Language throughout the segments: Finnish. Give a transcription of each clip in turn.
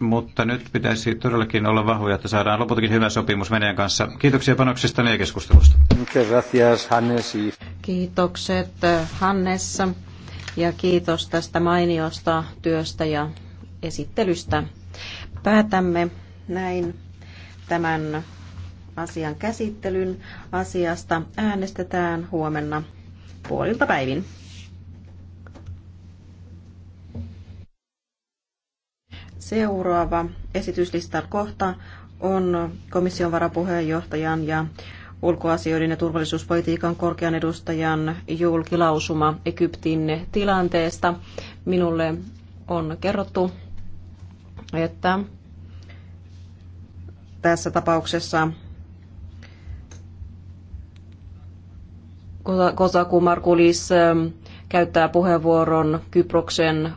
mutta nyt pitäisi todellakin olla vahvoja, että saadaan lopultakin hyvä sopimus Venäjän kanssa. Kiitoksia panoksista ja keskustelusta. Kiitokset Hannes ja kiitos tästä mainiosta työstä ja esittelystä. Päätämme näin tämän asian käsittelyn. Asiasta äänestetään huomenna puolilta päivin. Seuraava esityslistan kohta on komission varapuheenjohtajan ja ulkoasioiden ja turvallisuuspolitiikan korkean edustajan julkilausuma Egyptin tilanteesta. Minulle on kerrottu, että tässä tapauksessa Kosaku Markulis ähm, käyttää puheenvuoron Kyproksen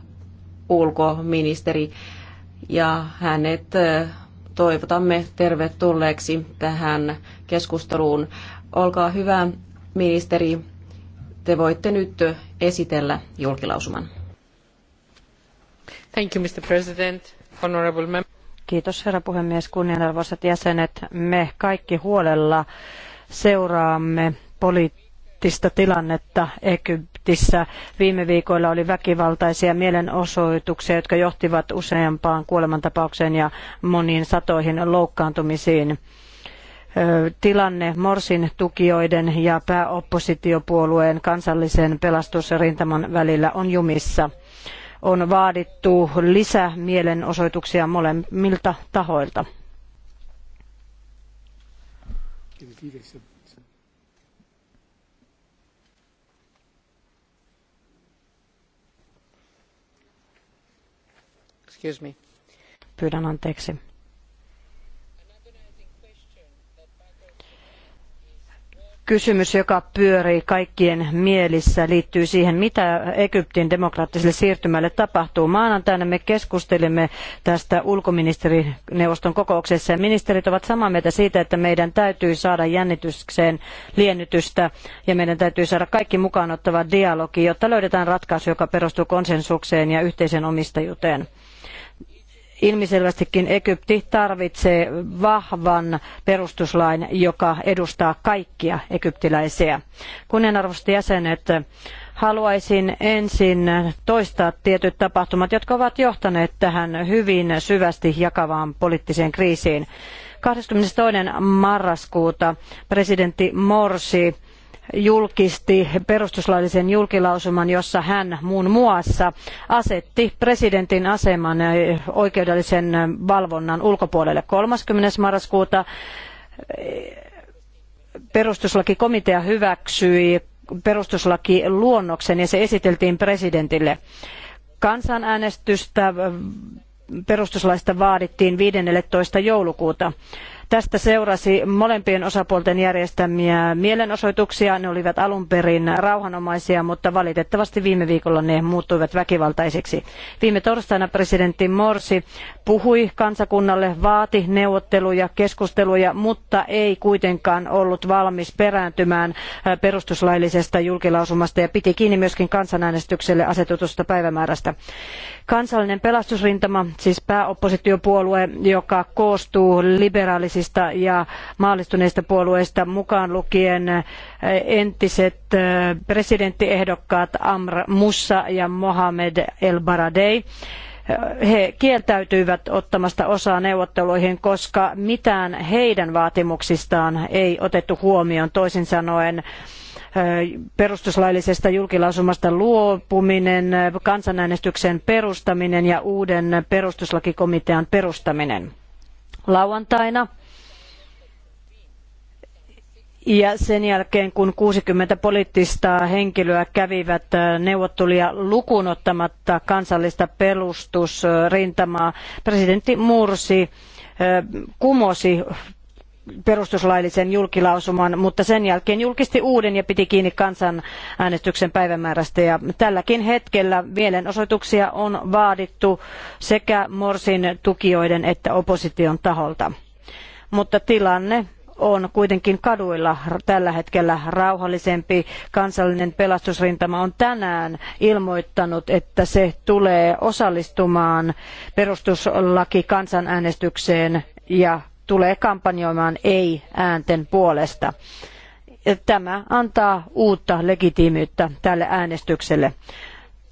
ulkoministeri ja hänet toivotamme tervetulleeksi tähän keskusteluun. Olkaa hyvä, ministeri. Te voitte nyt esitellä julkilausuman. Thank you, Mr. President. Honorable member. Kiitos herra puhemies, kunnianarvoisat jäsenet. Me kaikki huolella seuraamme poliittisia poliittista tilannetta Egyptissä. Viime viikoilla oli väkivaltaisia mielenosoituksia, jotka johtivat useampaan kuolemantapaukseen ja moniin satoihin loukkaantumisiin tilanne Morsin tukijoiden ja pääoppositiopuolueen kansallisen pelastusrintaman välillä on jumissa. On vaadittu lisämielenosoituksia molemmilta tahoilta. Excuse me. Pyydän anteeksi. Kysymys, joka pyörii kaikkien mielissä, liittyy siihen, mitä Egyptin demokraattiselle siirtymälle tapahtuu. Maanantaina me keskustelimme tästä ulkoministerineuvoston kokouksessa ja ministerit ovat samaa mieltä siitä, että meidän täytyy saada jännitykseen liennytystä ja meidän täytyy saada kaikki mukaan ottava dialogi, jotta löydetään ratkaisu, joka perustuu konsensukseen ja yhteiseen omistajuuteen ilmiselvästikin Egypti tarvitsee vahvan perustuslain, joka edustaa kaikkia egyptiläisiä. Kunnianarvoiset jäsenet, haluaisin ensin toistaa tietyt tapahtumat, jotka ovat johtaneet tähän hyvin syvästi jakavaan poliittiseen kriisiin. 22. marraskuuta presidentti Morsi julkisti perustuslaillisen julkilausuman, jossa hän muun muassa asetti presidentin aseman eh, oikeudellisen eh, valvonnan ulkopuolelle 30. marraskuuta. Eh, perustuslakikomitea hyväksyi perustuslakiluonnoksen ja se esiteltiin presidentille. Kansanäänestystä perustuslaista vaadittiin 15. joulukuuta. Tästä seurasi molempien osapuolten järjestämiä mielenosoituksia. Ne olivat alun perin rauhanomaisia, mutta valitettavasti viime viikolla ne muuttuivat väkivaltaisiksi. Viime torstaina presidentti Morsi puhui kansakunnalle, vaati neuvotteluja, keskusteluja, mutta ei kuitenkaan ollut valmis perääntymään äh, perustuslaillisesta julkilausumasta ja piti kiinni myöskin kansanäänestykselle asetetusta päivämäärästä. Kansallinen pelastusrintama, siis pääoppositiopuolue, joka koostuu liberaalisista poliittisista ja maallistuneista puolueista mukaan lukien eh, entiset eh, presidenttiehdokkaat Amr Musa ja Mohamed El Baradei eh, he kieltäytyivät ottamasta osaa neuvotteluihin, koska mitään heidän vaatimuksistaan ei otettu huomioon. Toisin sanoen perustuslaillisesta julkilausumasta luopuminen, kansanäänestyksen perustaminen ja uuden perustuslakikomitean perustaminen. Lauantaina ja sen jälkeen kun 60 poliittista henkilöä kävivät äh, neuvotteluja lukuun ottamatta kansallista pelustusrintamaa, presidentti Mursi äh, kumosi perustuslaillisen julkilausuman, mutta sen jälkeen julkisti uuden ja piti kiinni kansanäänestyksen päivämäärästä. Ja tälläkin hetkellä mielenosoituksia on vaadittu sekä Morsin tukijoiden että opposition taholta. Mutta tilanne on kuitenkin kaduilla tällä hetkellä rauhallisempi. Kansallinen pelastusrintama on tänään ilmoittanut, että se tulee osallistumaan perustuslaki kansanäänestykseen ja tulee kampanjoimaan ei äänten puolesta. Tämä antaa uutta legitiimiyttä tälle äänestykselle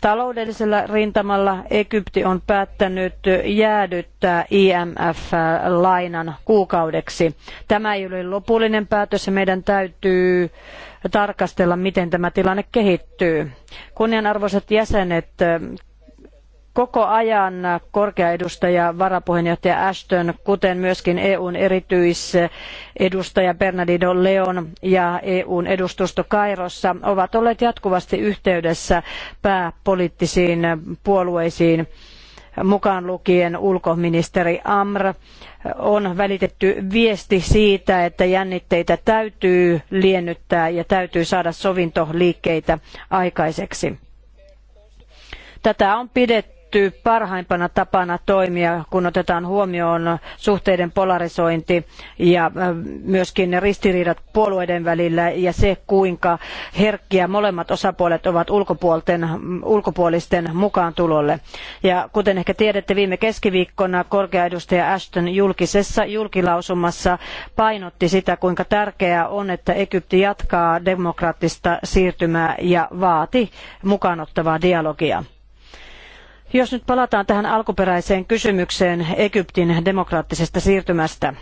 taloudellisella rintamalla Egypti on päättänyt jäädyttää IMF-lainan kuukaudeksi. Tämä ei ole lopullinen päätös ja meidän täytyy tarkastella, miten tämä tilanne kehittyy. Kunnianarvoisat jäsenet, koko ajan korkea edustaja varapuheenjohtaja Ashton, kuten myöskin EUn erityisedustaja Bernardino Leon ja EUn edustusto Kairossa ovat olleet jatkuvasti yhteydessä pääpoliittisiin puolueisiin mukaan lukien ulkoministeri Amr, on välitetty viesti siitä, että jännitteitä täytyy liennyttää ja täytyy saada sovintoliikkeitä aikaiseksi. Tätä on pidetty pidetty parhaimpana tapana toimia, kun otetaan huomioon suhteiden polarisointi ja äh, myöskin ne ristiriidat puolueiden välillä ja se, kuinka herkkiä molemmat osapuolet ovat ulkopuolisten mukaan tulolle. Ja kuten ehkä tiedätte, viime keskiviikkona korkea edustaja Ashton julkisessa julkilausumassa painotti sitä, kuinka tärkeää on, että Egypti jatkaa demokraattista siirtymää ja vaati mukaanottavaa dialogia. Jos nyt palataan tähän alkuperäiseen kysymykseen Egyptin demokraattisesta siirtymästä.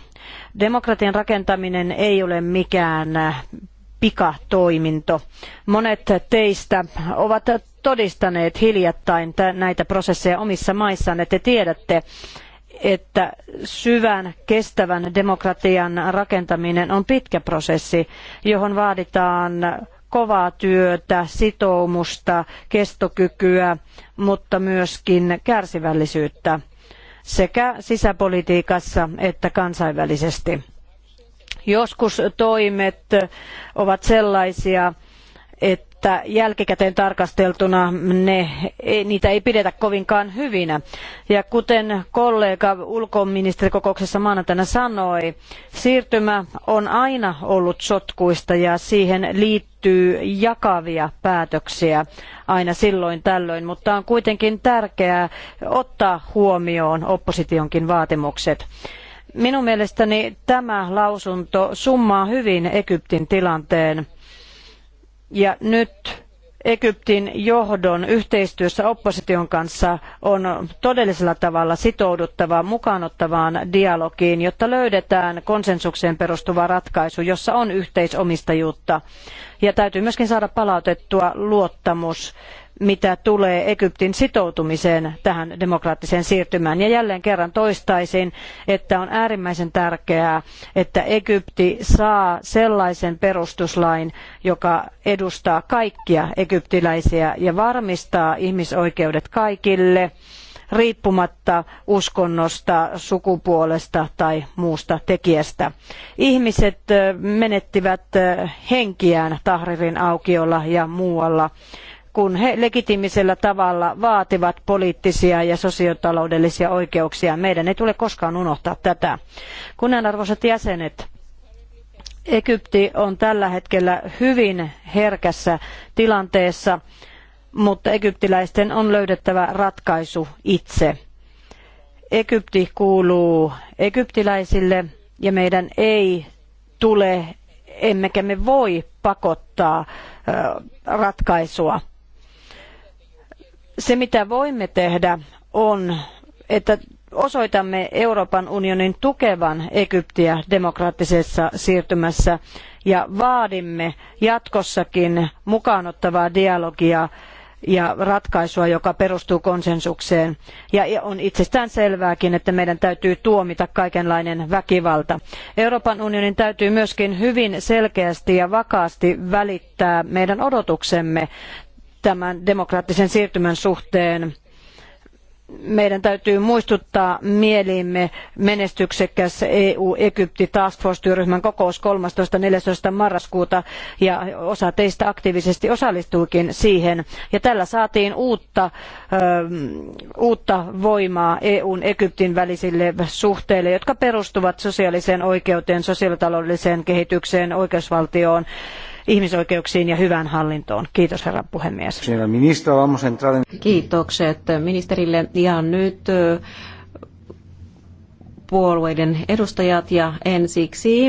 Demokratian rakentaminen ei ole mikään pikatoiminto. Monet teistä ovat todistaneet hiljattain näitä prosesseja omissa maissanne. Te tiedätte, että syvän kestävän demokratian rakentaminen on pitkä prosessi, johon vaaditaan kovaa työtä, sitoumusta, kestokykyä, mutta myöskin kärsivällisyyttä sekä sisäpolitiikassa että kansainvälisesti. Joskus toimet ovat sellaisia, että jälkikäteen tarkasteltuna ne, niitä ei pidetä kovinkaan hyvinä. Ja kuten kollega ulkoministerikokouksessa maanantaina sanoi, siirtymä on aina ollut sotkuista ja siihen liittyy jakavia päätöksiä aina silloin tällöin, mutta on kuitenkin tärkeää ottaa huomioon oppositionkin vaatimukset. Minun mielestäni tämä lausunto summaa hyvin Egyptin tilanteen ja nyt Egyptin johdon yhteistyössä opposition kanssa on todellisella tavalla sitouduttava mukaanottavaan dialogiin, jotta löydetään konsensukseen perustuva ratkaisu, jossa on yhteisomistajuutta. Ja täytyy myöskin saada palautettua luottamus mitä tulee Egyptin sitoutumiseen tähän demokraattiseen siirtymään. Ja jälleen kerran toistaisin, että on äärimmäisen tärkeää, että Egypti saa sellaisen perustuslain, joka edustaa kaikkia egyptiläisiä ja varmistaa ihmisoikeudet kaikille riippumatta uskonnosta, sukupuolesta tai muusta tekijästä. Ihmiset menettivät henkiään Tahririn aukiolla ja muualla kun he legitiimisellä tavalla vaativat poliittisia ja sosiotaloudellisia oikeuksia. Meidän ei tule koskaan unohtaa tätä. Kunnianarvoisat jäsenet, Egypti on tällä hetkellä hyvin herkässä tilanteessa, mutta egyptiläisten on löydettävä ratkaisu itse. Egypti kuuluu egyptiläisille ja meidän ei tule, emmekä me voi pakottaa ratkaisua. Se mitä voimme tehdä on, että osoitamme Euroopan unionin tukevan Egyptiä demokraattisessa siirtymässä ja vaadimme jatkossakin mukaanottavaa dialogia ja ratkaisua, joka perustuu konsensukseen. Ja on itsestään selvääkin, että meidän täytyy tuomita kaikenlainen väkivalta. Euroopan unionin täytyy myöskin hyvin selkeästi ja vakaasti välittää meidän odotuksemme tämän demokraattisen siirtymän suhteen meidän täytyy muistuttaa mieliimme menestyksekäs EU-Egypti Task Force-työryhmän kokous 13.14. marraskuuta ja osa teistä aktiivisesti osallistuikin siihen. Ja tällä saatiin uutta, ähm, uutta voimaa EUn Egyptin välisille suhteille, jotka perustuvat sosiaaliseen oikeuteen, sosiaalitaloudelliseen kehitykseen, oikeusvaltioon ihmisoikeuksiin ja hyvään hallintoon. Kiitos herra puhemies. Kiitokset ministerille ja nyt puolueiden edustajat ja ensiksi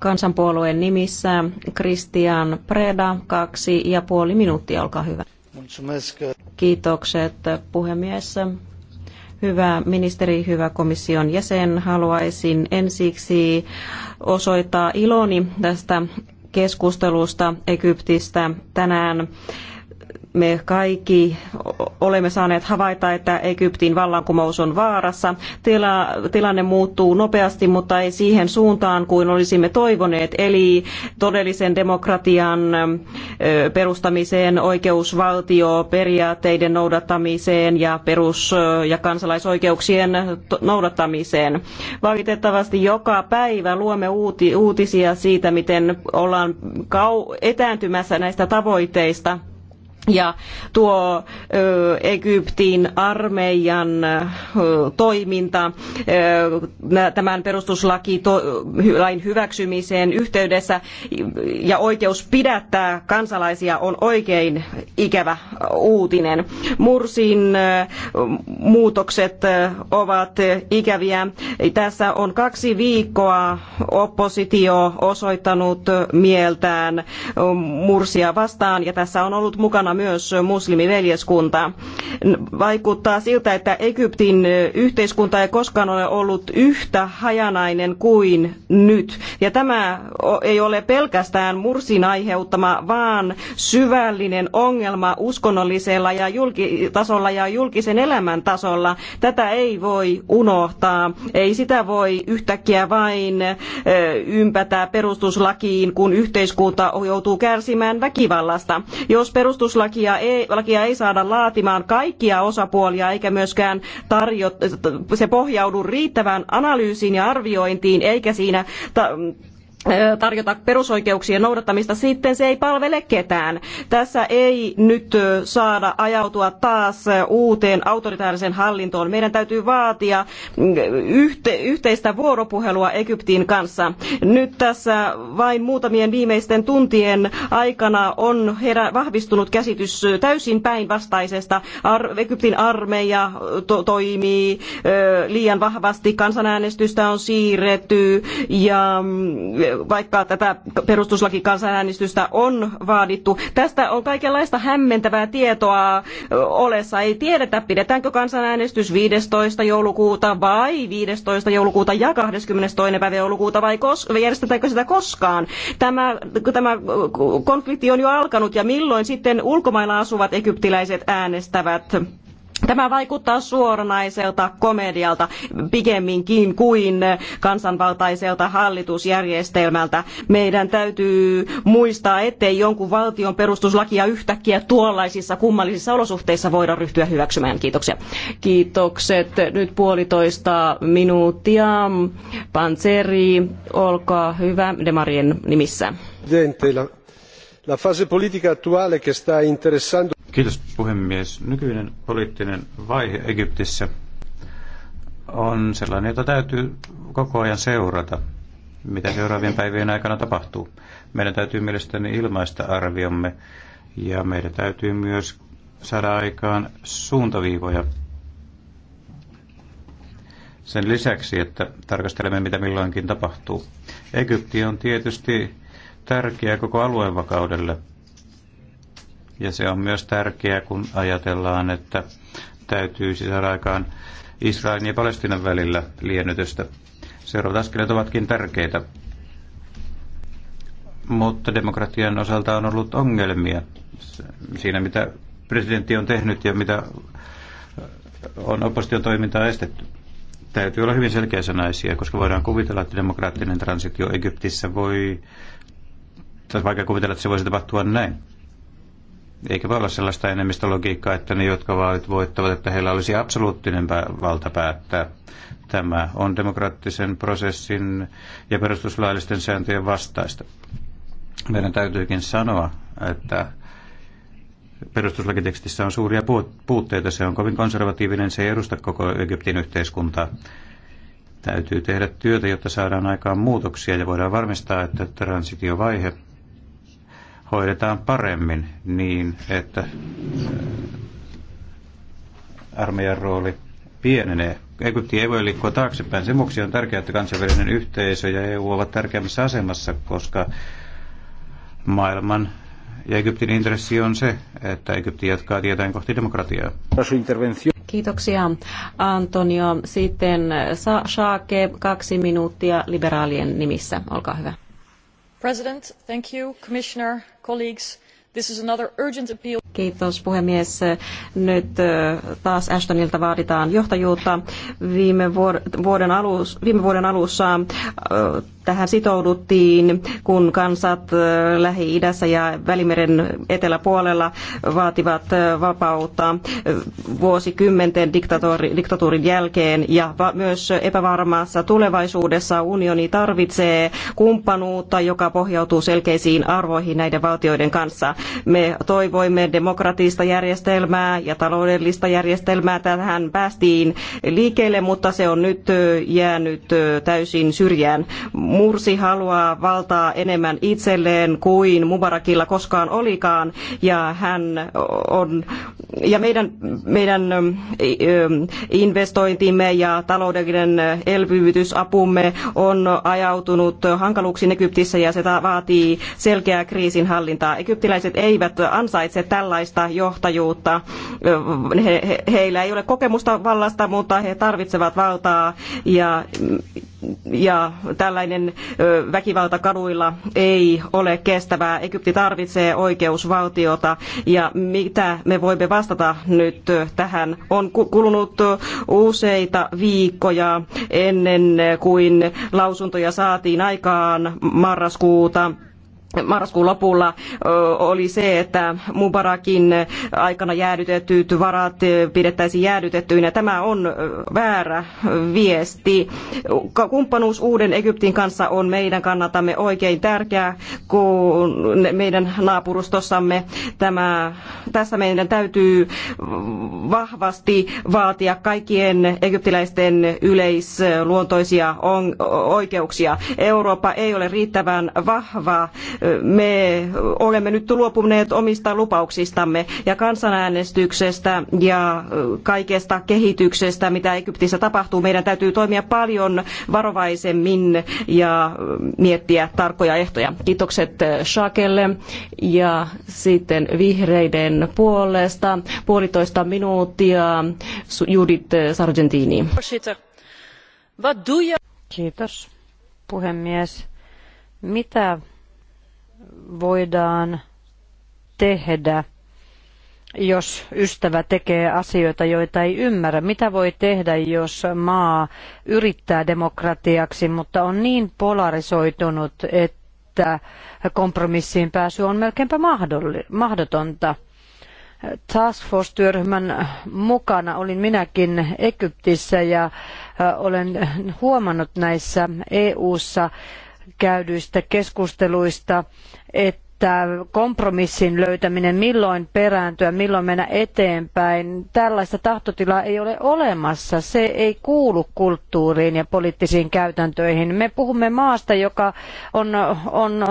kansanpuolueen nimissä Christian Preda, kaksi ja puoli minuuttia, olkaa hyvä. Kiitokset puhemies, Hyvä ministeri, hyvä komission jäsen, haluaisin ensiksi osoittaa iloni tästä keskustelusta Egyptistä tänään me kaikki olemme saaneet havaita, että Egyptin vallankumous on vaarassa. Tila, tilanne muuttuu nopeasti, mutta ei siihen suuntaan kuin olisimme toivoneet, eli todellisen demokratian perustamiseen, oikeusvaltioperiaatteiden noudattamiseen ja perus- ja kansalaisoikeuksien noudattamiseen. Valitettavasti joka päivä luomme uutisia siitä, miten ollaan etääntymässä näistä tavoitteista ja tuo Egyptin armeijan toiminta tämän perustuslain hyväksymiseen yhteydessä ja oikeus pidättää kansalaisia on oikein ikävä uutinen. Mursin muutokset ovat ikäviä. Tässä on kaksi viikkoa oppositio osoittanut mieltään Mursia vastaan ja tässä on ollut mukana myös muslimiveljeskunta. Vaikuttaa siltä, että Egyptin yhteiskunta ei koskaan ole ollut yhtä hajanainen kuin nyt. Ja tämä ei ole pelkästään mursin aiheuttama, vaan syvällinen ongelma uskonnollisella ja julkisella tasolla ja julkisen elämän tasolla. Tätä ei voi unohtaa. Ei sitä voi yhtäkkiä vain ympätä perustuslakiin, kun yhteiskunta joutuu kärsimään väkivallasta. Jos perustuslaki Lakia ei, lakia ei saada laatimaan kaikkia osapuolia eikä myöskään tarjot, se pohjaudu riittävään analyysiin ja arviointiin eikä siinä ta- tarjota perusoikeuksien noudattamista, sitten se ei palvele ketään. Tässä ei nyt saada ajautua taas uuteen autoritaariseen hallintoon. Meidän täytyy vaatia mm, yhteistä vuoropuhelua Egyptin kanssa. Nyt tässä vain muutamien viimeisten tuntien aikana on herä, vahvistunut käsitys täysin päinvastaisesta. Ar- Egyptin armeija to toimii liian vahvasti, kansanäänestystä on siirretty ja mm, vaikka tätä perustuslakikansanäänestystä on vaadittu. Tästä on kaikenlaista hämmentävää tietoa olessa. Ei tiedetä, pidetäänkö kansanäänestys 15. joulukuuta vai 15. joulukuuta ja 22. päivä joulukuuta vai kos- järjestetäänkö sitä koskaan. Tämä, tämä konflikti on jo alkanut ja milloin sitten ulkomailla asuvat egyptiläiset äänestävät? Tämä vaikuttaa suoranaiselta komedialta pikemminkin kuin kansanvaltaiselta hallitusjärjestelmältä. Meidän täytyy muistaa, ettei jonkun valtion perustuslakia yhtäkkiä tuollaisissa kummallisissa olosuhteissa voida ryhtyä hyväksymään. Kiitoksia. Kiitokset. Nyt puolitoista minuuttia. Panseri, olkaa hyvä Demarien nimissä. La fase politica attuale che sta interessando Kiitos puhemies. Nykyinen poliittinen vaihe Egyptissä on sellainen, jota täytyy koko ajan seurata, mitä seuraavien päivien aikana tapahtuu. Meidän täytyy mielestäni ilmaista arviomme ja meidän täytyy myös saada aikaan suuntaviivoja sen lisäksi, että tarkastelemme, mitä milloinkin tapahtuu. Egypti on tietysti tärkeä koko alueen vakaudelle – ja se on myös tärkeää, kun ajatellaan, että täytyy saada aikaan Israelin ja Palestinan välillä liennytystä. Seuraavat askeleet ovatkin tärkeitä. Mutta demokratian osalta on ollut ongelmia siinä, mitä presidentti on tehnyt ja mitä on toimintaa estetty. Täytyy olla hyvin selkeäsanaisia, koska voidaan kuvitella, että demokraattinen transitio Egyptissä voi, tai vaikka kuvitella, että se voisi tapahtua näin. Eikä voi olla sellaista enemmistölogiikkaa, että ne, jotka vaalit voittavat, että heillä olisi absoluuttinen valta päättää. Tämä on demokraattisen prosessin ja perustuslaillisten sääntöjen vastaista. Meidän täytyykin sanoa, että perustuslakitekstissä on suuria puutteita. Se on kovin konservatiivinen, se ei edusta koko Egyptin yhteiskuntaa. Täytyy tehdä työtä, jotta saadaan aikaan muutoksia ja voidaan varmistaa, että transitiovaihe hoidetaan paremmin niin, että äh, armeijan rooli pienenee. Egypti ei voi liikkua taaksepäin. Sen vuoksi on tärkeää, että kansainvälinen yhteisö ja EU ovat tärkeämmässä asemassa, koska maailman ja Egyptin intressi on se, että Egypti jatkaa tietäen kohti demokratiaa. Kiitoksia Antonio. Sitten Saake, kaksi minuuttia liberaalien nimissä. Olkaa hyvä president commissioner colleagues This is another urgent appeal. Kiitos puhemies. Nyt taas Ashtonilta vaaditaan johtajuutta. Viime, vuoden, alus, viime vuoden alussa tähän sitouduttiin, kun kansat Lähi-idässä ja Välimeren eteläpuolella vaativat vapautta vuosikymmenten diktatuurin jälkeen. Ja myös epävarmassa tulevaisuudessa unioni tarvitsee kumppanuutta, joka pohjautuu selkeisiin arvoihin näiden valtioiden kanssa. Me toivoimme demokraattista järjestelmää ja taloudellista järjestelmää. Tähän päästiin liikkeelle, mutta se on nyt jäänyt täysin syrjään. Mursi haluaa valtaa enemmän itselleen kuin Mubarakilla koskaan olikaan ja hän on ja meidän, meidän investointimme ja taloudellinen elvytysapumme on ajautunut hankaluuksiin Egyptissä ja se vaatii selkeää kriisinhallintaa. Egyptiläiset eivät ansaitse tällaista johtajuutta. heillä ei ole kokemusta vallasta, mutta he tarvitsevat valtaa ja, ja tällainen väkivalta kaduilla ei ole kestävää. Egypti tarvitsee oikeusvaltiota ja mitä me voimme vastata nyt tähän. On kulunut useita viikkoja ennen kuin lausuntoja saatiin aikaan marraskuuta marraskuun lopulla oli se, että Mubarakin aikana jäädytetyt varat pidettäisiin jäädytettyinä. Tämä on väärä viesti. Kumppanuus Uuden Egyptin kanssa on meidän kannatamme oikein tärkeää, kun meidän naapurustossamme tämä, tässä meidän täytyy vahvasti vaatia kaikkien egyptiläisten yleisluontoisia oikeuksia. Eurooppa ei ole riittävän vahva me olemme nyt luopuneet omista lupauksistamme ja kansanäänestyksestä ja kaikesta kehityksestä, mitä Egyptissä tapahtuu. Meidän täytyy toimia paljon varovaisemmin ja miettiä tarkkoja ehtoja. Kiitokset Shakelle ja sitten vihreiden puolesta puolitoista minuuttia Judith Sargentini. Kiitos puhemies. Mitä voidaan tehdä, jos ystävä tekee asioita, joita ei ymmärrä? Mitä voi tehdä, jos maa yrittää demokratiaksi, mutta on niin polarisoitunut, että kompromissiin pääsy on melkeinpä mahdotonta? Task Force-työryhmän mukana olin minäkin Egyptissä ja olen huomannut näissä EU-ssa käydyistä keskusteluista, että kompromissin löytäminen, milloin perääntyä, milloin mennä eteenpäin, tällaista tahtotilaa ei ole olemassa. Se ei kuulu kulttuuriin ja poliittisiin käytäntöihin. Me puhumme maasta, joka on, on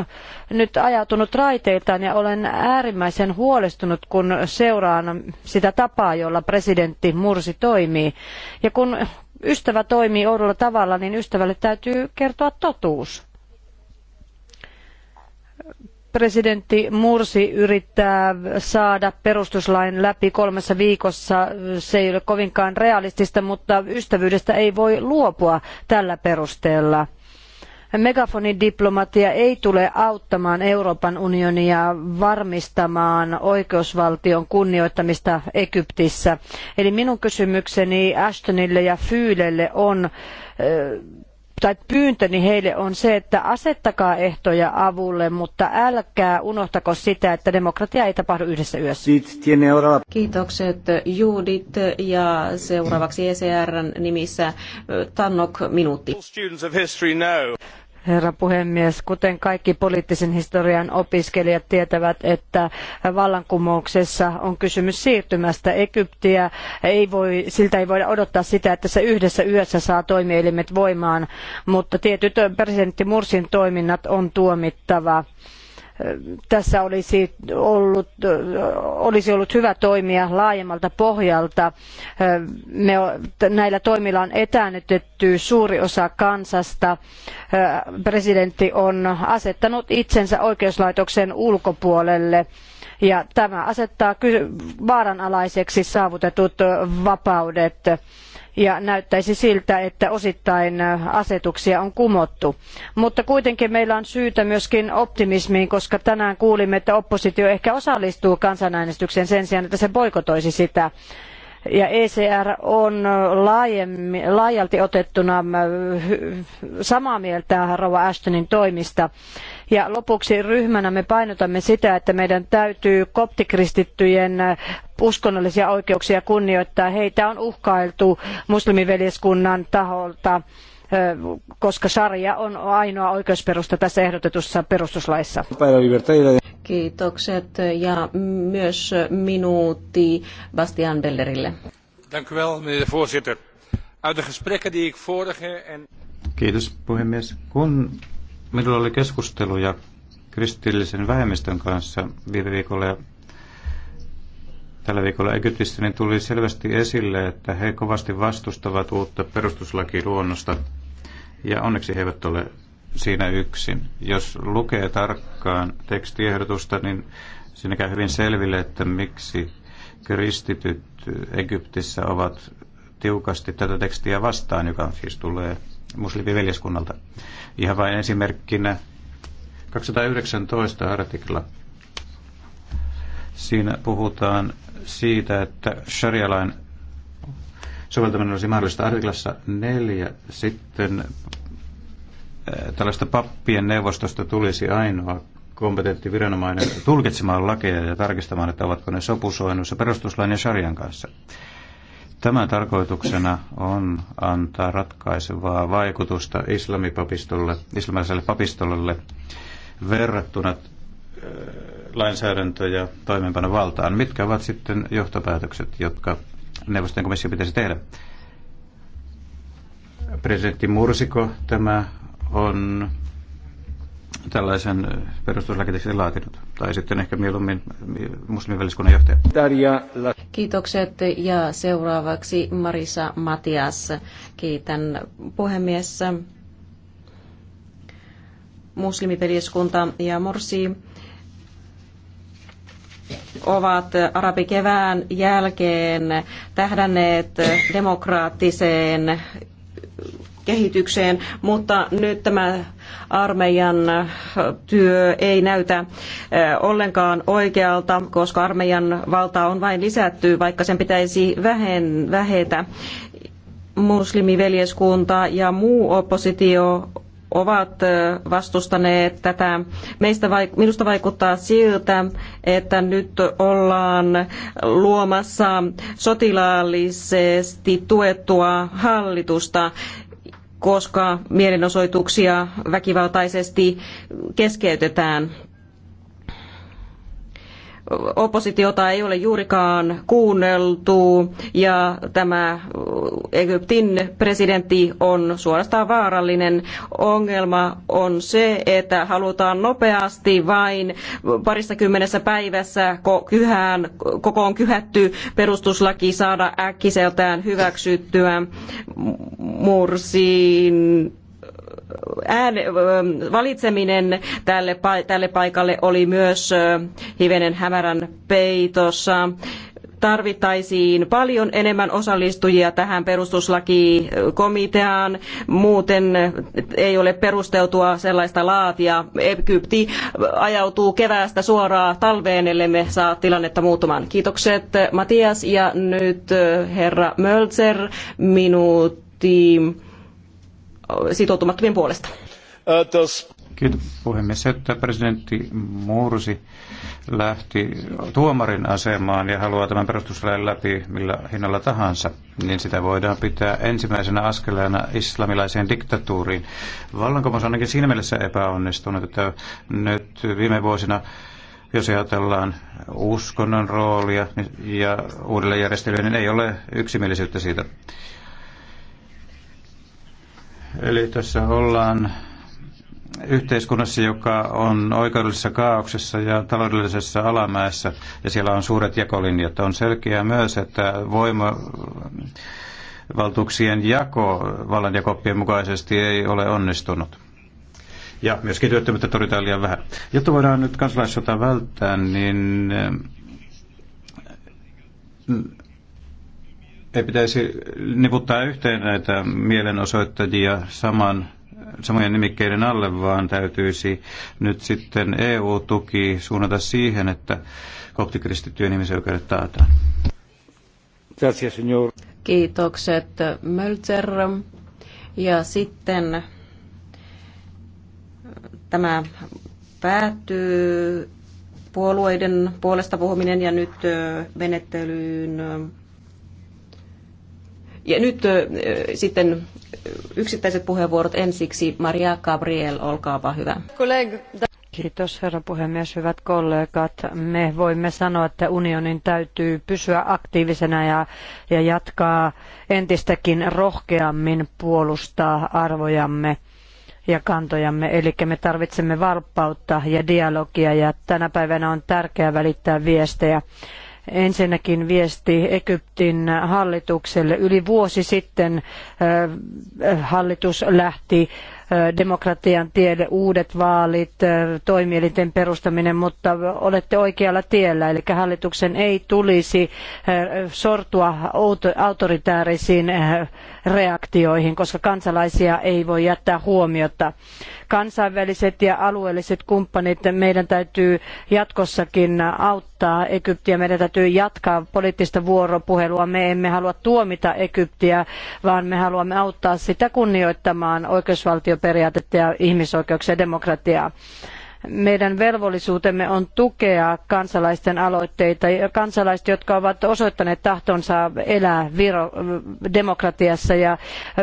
nyt ajautunut raiteiltaan ja olen äärimmäisen huolestunut, kun seuraan sitä tapaa, jolla presidentti Mursi toimii. Ja kun ystävä toimii oudolla tavalla, niin ystävälle täytyy kertoa totuus presidentti Mursi yrittää saada perustuslain läpi kolmessa viikossa. Se ei ole kovinkaan realistista, mutta ystävyydestä ei voi luopua tällä perusteella. Megafonidiplomatia ei tule auttamaan Euroopan unionia varmistamaan oikeusvaltion kunnioittamista Egyptissä. Eli minun kysymykseni Ashtonille ja Fyylelle on tai pyyntöni heille on se, että asettakaa ehtoja avulle, mutta älkää unohtako sitä, että demokratia ei tapahdu yhdessä yössä. Kiitokset Juudit ja seuraavaksi ECRn nimissä eh, Tannok minuutti herra puhemies. Kuten kaikki poliittisen historian opiskelijat tietävät, että vallankumouksessa on kysymys siirtymästä. Egyptiä ei voi, siltä ei voida odottaa sitä, että se yhdessä yössä saa toimielimet voimaan, mutta tietyt presidentti Mursin toiminnat on tuomittava tässä olisi ollut, olisi ollut hyvä toimia laajemmalta pohjalta. Me, näillä toimilla on etäännytetty suuri osa kansasta. Presidentti on asettanut itsensä oikeuslaitoksen ulkopuolelle ja tämä asettaa vaaranalaiseksi saavutetut vapaudet ja näyttäisi siltä, että osittain äh, asetuksia on kumottu. Mutta kuitenkin meillä on syytä myöskin optimismiin, koska tänään kuulimme, että oppositio ehkä osallistuu kansanäänestykseen sen sijaan, että se boikotoisi sitä ja ECR on äh, laajalti otettuna äh, samaa mieltä Rova Ashtonin toimista. Ja lopuksi ryhmänä me painotamme sitä, että meidän täytyy koptikristittyjen uskonnollisia oikeuksia kunnioittaa. Heitä on uhkailtu muslimiveljeskunnan taholta, koska sarja on ainoa oikeusperusta tässä ehdotetussa perustuslaissa. Kiitokset ja myös minuutti Bastian Belderille. Kiitos puhemies. Kun minulla oli keskusteluja kristillisen vähemmistön kanssa viime viikolla ja Tällä viikolla Egyptistä niin tuli selvästi esille, että he kovasti vastustavat uutta perustuslakiluonnosta ja onneksi he eivät ole siinä yksin. Jos lukee tarkkaan tekstiehdotusta, niin siinä käy hyvin selville, että miksi kristityt Egyptissä ovat tiukasti tätä tekstiä vastaan, joka siis tulee muslimiveljeskunnalta. Ihan vain esimerkkinä 219 artikla. Siinä puhutaan siitä, että sharia-lain soveltaminen olisi mahdollista artiklassa 4. Sitten eh, tällaista pappien neuvostosta tulisi ainoa kompetentti viranomainen tulkitsemaan lakeja ja tarkistamaan, että ovatko ne sopusoinnussa perustuslain ja sarjan kanssa. Tämän tarkoituksena on antaa ratkaisevaa vaikutusta islamipapistolle, islamilaiselle papistolle verrattuna eh, lainsäädäntö- ja valtaan. Mitkä ovat sitten johtopäätökset, jotka neuvoston komissio pitäisi tehdä? Presidentti Mursiko tämä on tällaisen perustuslakitekstin laatinut, tai sitten ehkä mieluummin muslimiväliskunnan johtaja. Kiitokset ja seuraavaksi Marisa Matias. Kiitän puhemies muslimipeliskunta ja Morsi ovat arabikevään jälkeen tähdänneet demokraattiseen kehitykseen, mutta nyt tämä armeijan työ ei näytä ollenkaan oikealta, koska armeijan valta on vain lisätty, vaikka sen pitäisi vähen, vähetä. Muslimiveljeskunta ja muu oppositio ovat vastustaneet tätä. Meistä minusta vaikuttaa siltä, että nyt ollaan luomassa sotilaallisesti tuettua hallitusta, koska mielenosoituksia väkivaltaisesti keskeytetään oppositiota ei ole juurikaan kuunneltu ja tämä Egyptin presidentti on suorastaan vaarallinen. Ongelma on se, että halutaan nopeasti vain parissa kymmenessä päivässä kyhään, kokoon kyhätty perustuslaki saada äkkiseltään hyväksyttyä Mursin ääne, valitseminen tälle, tälle paikalle oli myös hivenen hämärän peitossa tarvittaisiin paljon enemmän osallistujia tähän perustuslakikomiteaan. Muuten ei ole perusteltua sellaista laatia. Egypti ajautuu keväästä suoraan talveen, ellei me saa tilannetta muuttumaan. Kiitokset Matias ja nyt herra Mölzer minuutti sitoutumattomien puolesta. Kiitos puhemies. Se, että presidentti Mursi lähti tuomarin asemaan ja haluaa tämän perustuslain läpi millä hinnalla tahansa, niin sitä voidaan pitää ensimmäisenä askeleena islamilaiseen diktatuuriin. Vallankumous on ainakin siinä mielessä epäonnistunut, että nyt viime vuosina jos ajatellaan uskonnon roolia ja uudelleenjärjestelyä, niin ei ole yksimielisyyttä siitä. Eli tässä ollaan yhteiskunnassa, joka on oikeudellisessa kaauksessa ja taloudellisessa alamäessä, ja siellä on suuret jakolinjat. On selkeää myös, että voima, valtuuksien jako vallanjakoppien mukaisesti ei ole onnistunut. Ja myöskin työttömyyttä torjutaan liian vähän. Jotta voidaan nyt kansalaissota välttää, niin ei pitäisi niputtaa yhteen näitä mielenosoittajia saman, samojen nimikkeiden alle, vaan täytyisi nyt sitten EU-tuki suunnata siihen, että koptikristittyjen ihmisoikeudet taataan. Kiitokset Mölzer. Ja sitten tämä päättyy puolueiden puolesta puhuminen ja nyt menettelyyn ja nyt sitten yksittäiset puheenvuorot ensiksi. Maria Gabriel, olkaapa hyvä. Kollega. Kiitos herra puhemies, hyvät kollegat. Me voimme sanoa, että unionin täytyy pysyä aktiivisena ja, ja jatkaa entistäkin rohkeammin puolustaa arvojamme ja kantojamme. Eli me tarvitsemme valppautta ja dialogia ja tänä päivänä on tärkeää välittää viestejä ensinnäkin viesti Egyptin hallitukselle. Yli vuosi sitten hallitus lähti demokratian tielle, uudet vaalit, toimielinten perustaminen, mutta olette oikealla tiellä. Eli hallituksen ei tulisi sortua autoritäärisiin reaktioihin, koska kansalaisia ei voi jättää huomiota. Kansainväliset ja alueelliset kumppanit, meidän täytyy jatkossakin auttaa Egyptiä, meidän täytyy jatkaa poliittista vuoropuhelua. Me emme halua tuomita Egyptiä, vaan me haluamme auttaa sitä kunnioittamaan oikeusvaltioperiaatetta ja ihmisoikeuksia ja demokratiaa meidän velvollisuutemme on tukea kansalaisten aloitteita ja kansalaiset, jotka ovat osoittaneet tahtonsa elää demokratiassa ja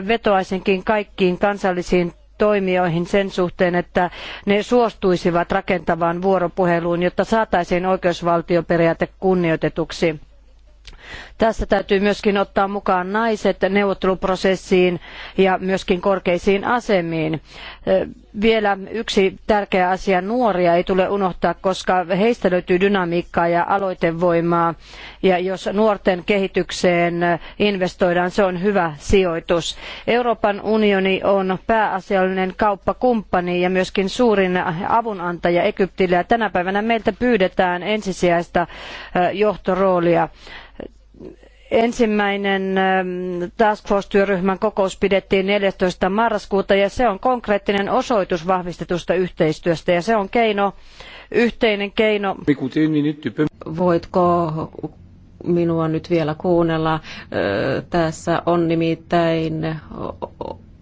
vetoaisinkin kaikkiin kansallisiin toimijoihin sen suhteen, että ne suostuisivat rakentavaan vuoropuheluun, jotta saataisiin oikeusvaltioperiaate kunnioitetuksi tässä täytyy myöskin ottaa mukaan naiset neuvotteluprosessiin ja myöskin korkeisiin asemiin. Vielä yksi tärkeä asia, nuoria ei tule unohtaa, koska heistä löytyy dynamiikkaa ja aloitevoimaa. Ja jos nuorten kehitykseen investoidaan, se on hyvä sijoitus. Euroopan unioni on pääasiallinen kauppakumppani ja myöskin suurin avunantaja Egyptille. Ja tänä päivänä meiltä pyydetään ensisijaista johtoroolia. Ensimmäinen ähm, Task Force-työryhmän kokous pidettiin 14. marraskuuta ja se on konkreettinen osoitus vahvistetusta yhteistyöstä ja se on keino, yhteinen keino. Voitko minua nyt vielä kuunnella? Äh, tässä on nimittäin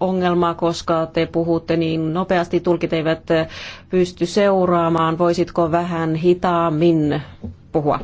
ongelma, koska te puhutte niin nopeasti, tulkit eivät äh, pysty seuraamaan. Voisitko vähän hitaammin puhua?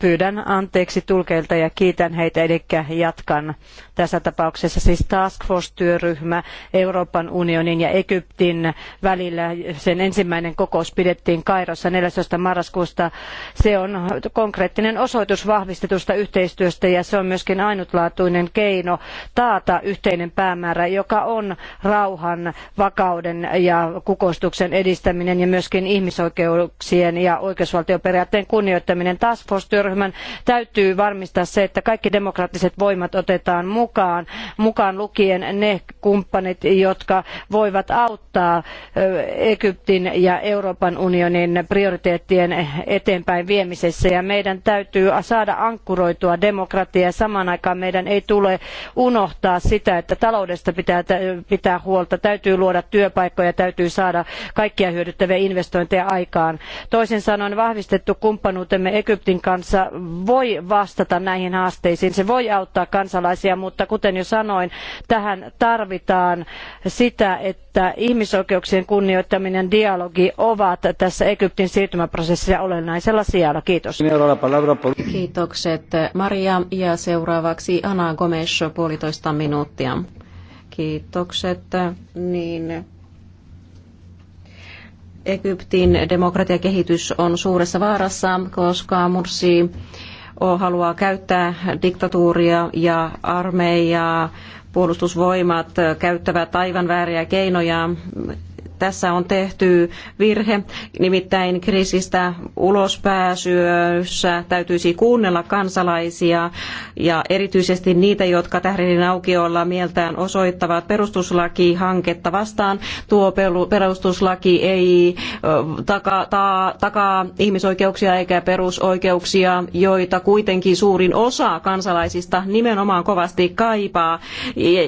Pyydän anteeksi tulkeilta ja kiitän heitä, eli jatkan tässä tapauksessa siis Task Force-työryhmä Euroopan unionin ja Egyptin välillä. Sen ensimmäinen kokous pidettiin Kairossa neljätoista marraskuuta Se on konkreettinen osoitus vahvistetusta yhteistyöstä ja se on myöskin ainutlaatuinen keino taata yhteinen päämäärä, joka on rauhan, vakauden ja kukoistuksen edistäminen ja myöskin ihmisoikeuksien ja oikeusvaltioperiaatteen kunnioittaminen. Task Force-työryhmä työryhmän täytyy varmistaa se, että kaikki demokraattiset voimat otetaan mukaan, mukaan lukien ne kumppanit, jotka voivat auttaa Egyptin ja Euroopan unionin prioriteettien eteenpäin viemisessä. Ja meidän täytyy saada ankkuroitua demokratia ja samaan aikaan meidän ei tule unohtaa sitä, että taloudesta pitää pitää huolta, täytyy luoda työpaikkoja, täytyy saada kaikkia hyödyttäviä investointeja aikaan. Toisin sanoen vahvistettu kumppanuutemme Egyptin kanssa kanssa voi vastata näihin haasteisiin. Se voi auttaa kansalaisia, mutta kuten jo sanoin, tähän tarvitaan sitä, että ihmisoikeuksien kunnioittaminen, dialogi ovat tässä Egyptin siirtymäprosessissa olennaisella sijalla. Kiitos. Kiitokset Maria ja seuraavaksi Ana Gomes puolitoista minuuttia. Kiitokset. Niin Egyptin demokratiakehitys on suuressa vaarassa, koska Mursi haluaa käyttää diktatuuria ja armeijaa. Puolustusvoimat käyttävät aivan vääriä keinoja tässä on tehty virhe, nimittäin kriisistä ulospääsyssä täytyisi kuunnella kansalaisia ja erityisesti niitä, jotka Tahririn aukiolla mieltään osoittavat perustuslakihanketta vastaan. Tuo perustuslaki ei takaa ta, ihmisoikeuksia eikä perusoikeuksia, joita kuitenkin suurin osa kansalaisista nimenomaan kovasti kaipaa.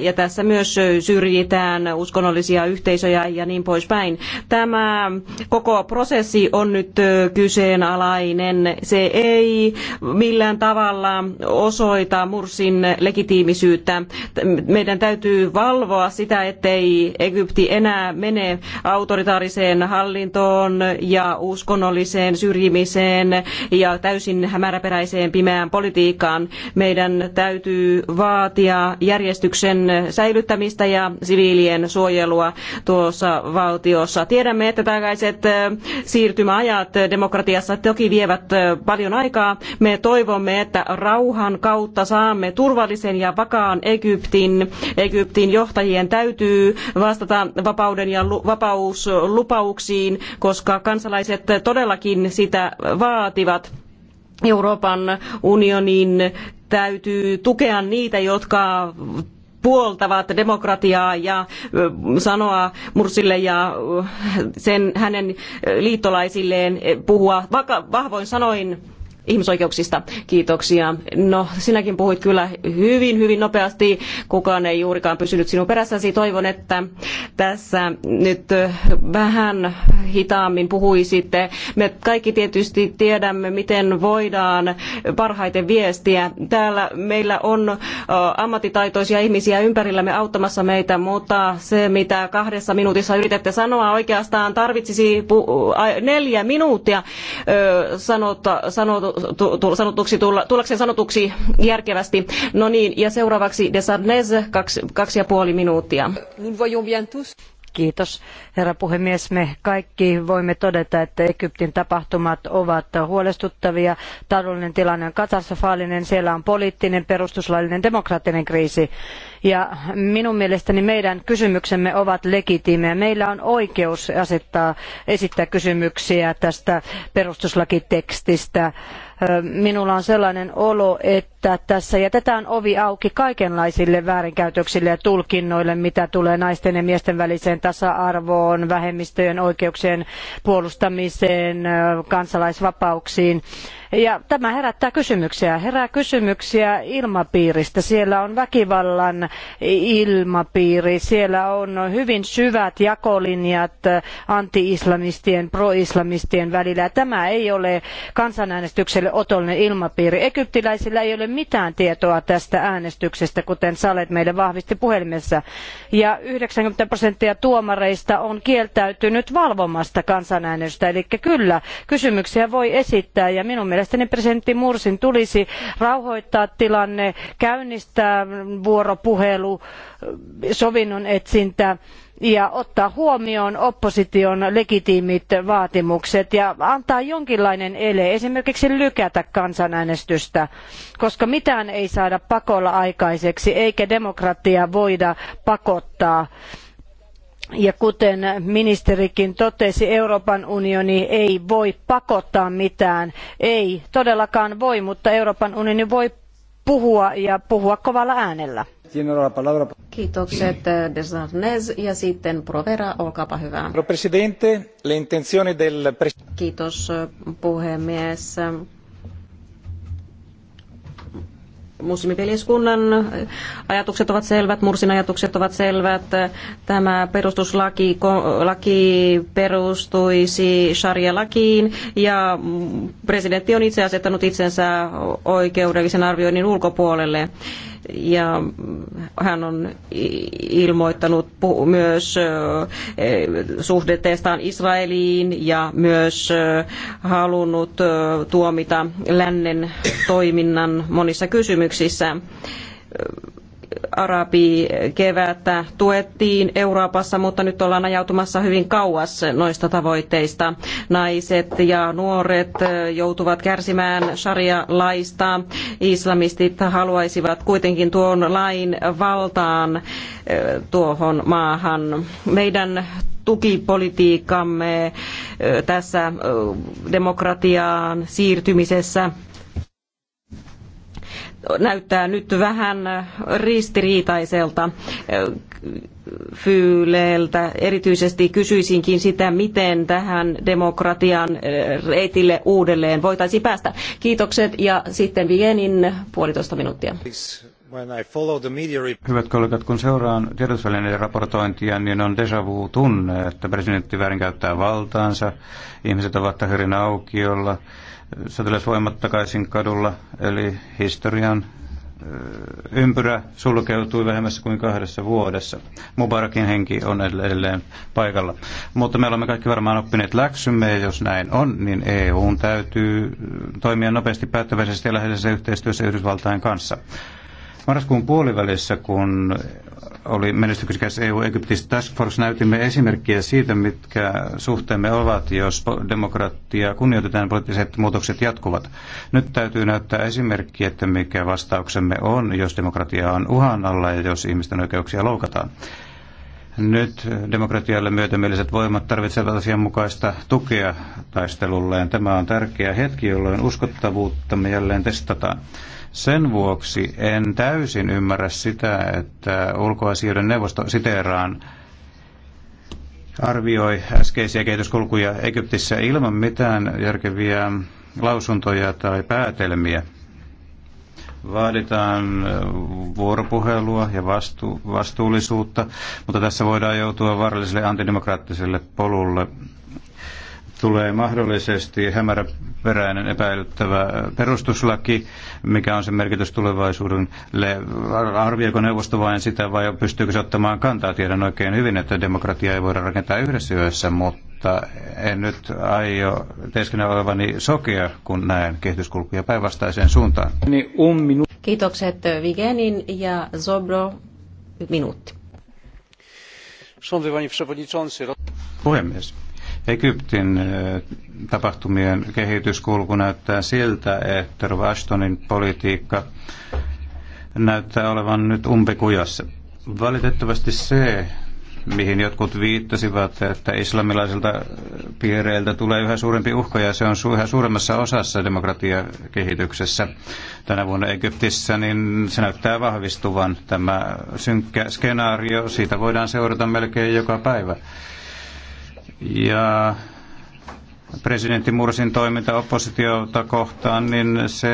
Ja tässä myös syrjitään uskonnollisia yhteisöjä ja niin pois poispäin. Tämä koko prosessi on nyt kyseenalainen. Se ei millään tavalla osoita Mursin legitiimisyyttä. Meidän täytyy valvoa sitä, ettei Egypti enää mene autoritaariseen hallintoon ja uskonnolliseen syrjimiseen ja täysin hämäräperäiseen pimeään politiikkaan. Meidän täytyy vaatia järjestyksen säilyttämistä ja siviilien suojelua tuossa val- jäsenvaltiossa. Tiedämme, että tällaiset siirtymäajat demokratiassa toki vievät paljon aikaa. Me toivomme, että rauhan kautta saamme turvallisen ja vakaan Egyptin. Egyptin johtajien täytyy vastata vapauden ja vapauslupauksiin, koska kansalaiset todellakin sitä vaativat. Euroopan unionin täytyy tukea niitä, jotka puoltavat demokratiaa ja sanoa Mursille ja sen, hänen liittolaisilleen puhua vahvoin sanoin ihmisoikeuksista. Kiitoksia. No, sinäkin puhuit kyllä hyvin, hyvin nopeasti. Kukaan ei juurikaan pysynyt sinun perässäsi. Toivon, että tässä nyt vähän hitaammin puhuisitte. Me kaikki tietysti tiedämme, miten voidaan parhaiten viestiä. Täällä meillä on ammattitaitoisia ihmisiä ympärillämme auttamassa meitä, mutta se, mitä kahdessa minuutissa yritätte sanoa, oikeastaan tarvitsisi neljä minuuttia sanota, sanota, sanotuksi, tullakseen sanotuksi järkevästi. No niin, ja seuraavaksi De Sarnez, kaksi, kaksi ja puoli minuuttia. Kiitos. Herra puhemies, me kaikki voimme todeta, että Egyptin tapahtumat ovat huolestuttavia. Taloudellinen tilanne on katastrofaalinen, siellä on poliittinen, perustuslaillinen, demokraattinen kriisi. Ja minun mielestäni meidän kysymyksemme ovat legitiimejä. Meillä on oikeus asettaa, esittää kysymyksiä tästä perustuslakitekstistä. Minulla on sellainen olo, että että tässä jätetään ovi auki kaikenlaisille väärinkäytöksille ja tulkinnoille, mitä tulee naisten ja miesten väliseen tasa-arvoon, vähemmistöjen oikeuksien puolustamiseen, kansalaisvapauksiin. Ja tämä herättää kysymyksiä. Herää kysymyksiä ilmapiiristä. Siellä on väkivallan ilmapiiri. Siellä on hyvin syvät jakolinjat anti-islamistien, pro-islamistien välillä. Tämä ei ole kansanäänestykselle otollinen ilmapiiri. Egyptiläisillä ei ole mitään tietoa tästä äänestyksestä, kuten Salet meille vahvisti puhelimessa. Ja 90 prosenttia tuomareista on kieltäytynyt valvomasta kansanäänestystä. Eli kyllä, kysymyksiä voi esittää ja minun mielestäni presidentti Mursin tulisi rauhoittaa tilanne, käynnistää vuoropuhelu, sovinnon etsintä ja ottaa huomioon opposition legitiimit vaatimukset ja antaa jonkinlainen ele, esimerkiksi lykätä kansanäänestystä, koska mitään ei saada pakolla aikaiseksi eikä demokratiaa voida pakottaa. Ja kuten ministerikin totesi, Euroopan unioni ei voi pakottaa mitään. Ei todellakaan voi, mutta Euroopan unioni voi puhua ja puhua kovalla äänellä. Kiitokset eh, Desarnez ja sitten Provera, olkaapa hyvä. Kiitos eh, puhemies muslimiveljeskunnan ajatukset ovat selvät, Mursin ajatukset ovat selvät. Tämä perustuslaki laki perustuisi sharia-lakiin ja presidentti on itse asettanut itsensä oikeudellisen arvioinnin ulkopuolelle ja hän on ilmoittanut myös e, suhdetteestaan Israeliin ja myös halunnut tuomita lännen toiminnan monissa kysymyksissä arabikevättä tuettiin Euroopassa, mutta nyt ollaan ajautumassa hyvin kauas noista tavoitteista. Naiset ja nuoret joutuvat kärsimään sharia-laista. Islamistit haluaisivat kuitenkin tuon lain valtaan eh, tuohon maahan. Meidän tukipolitiikkamme eh, tässä eh, demokratiaan siirtymisessä näyttää nyt vähän ristiriitaiselta äh, Fyyleltä. Erityisesti kysyisinkin sitä, miten tähän demokratian äh, reitille uudelleen voitaisiin päästä. Kiitokset ja sitten Vigenin puolitoista minuuttia. Hyvät kollegat, kun seuraan tiedotusvälineiden raportointia, niin on deja vu tunne, että presidentti väärinkäyttää valtaansa, ihmiset ovat Tahirin aukiolla, sotilasvoimat takaisin kadulla, eli historian ympyrä sulkeutui vähemmässä kuin kahdessa vuodessa. Mubarakin henki on edelleen paikalla. Mutta me olemme kaikki varmaan oppineet läksymme, ja jos näin on, niin EUn täytyy toimia nopeasti päättäväisesti ja läheisessä yhteistyössä Yhdysvaltain kanssa. Marraskuun puolivälissä, kun oli menestyksekäs EU-Egyptistä Task Force. Näytimme esimerkkiä siitä, mitkä suhteemme ovat, jos demokratia kunnioitetaan, poliittiset muutokset jatkuvat. Nyt täytyy näyttää esimerkki, että mikä vastauksemme on, jos demokratia on uhan alla ja jos ihmisten oikeuksia loukataan. Nyt demokratialle myötämieliset voimat tarvitsevat asianmukaista tukea taistelulleen. Tämä on tärkeä hetki, jolloin uskottavuuttamme jälleen testataan. Sen vuoksi en täysin ymmärrä sitä, että ulkoasioiden neuvosto siteeraan arvioi äskeisiä kehityskulkuja Egyptissä ilman mitään järkeviä lausuntoja tai päätelmiä. Vaaditaan vuoropuhelua ja vastu- vastuullisuutta, mutta tässä voidaan joutua vaaralliselle antidemokraattiselle polulle tulee mahdollisesti hämäräperäinen epäilyttävä perustuslaki, mikä on sen merkitys tulevaisuudelle. Arvioiko neuvosto vain sitä vai pystyykö se ottamaan kantaa? Tiedän oikein hyvin, että demokratia ei voida rakentaa yhdessä yössä, mutta en nyt aio teeskennellä olevani sokea, kun näen kehityskulkuja päinvastaiseen suuntaan. Kiitokset Vigenin ja Zobro. Minuutti. Puhemies Egyptin tapahtumien kehityskulku näyttää siltä, että Ashtonin politiikka näyttää olevan nyt umpikujassa. Valitettavasti se, mihin jotkut viittasivat, että islamilaisilta piireiltä tulee yhä suurempi uhka ja se on yhä suuremmassa osassa demokratiakehityksessä tänä vuonna Egyptissä, niin se näyttää vahvistuvan tämä synkkä skenaario. Siitä voidaan seurata melkein joka päivä ja presidentti Mursin toiminta oppositiota kohtaan, niin se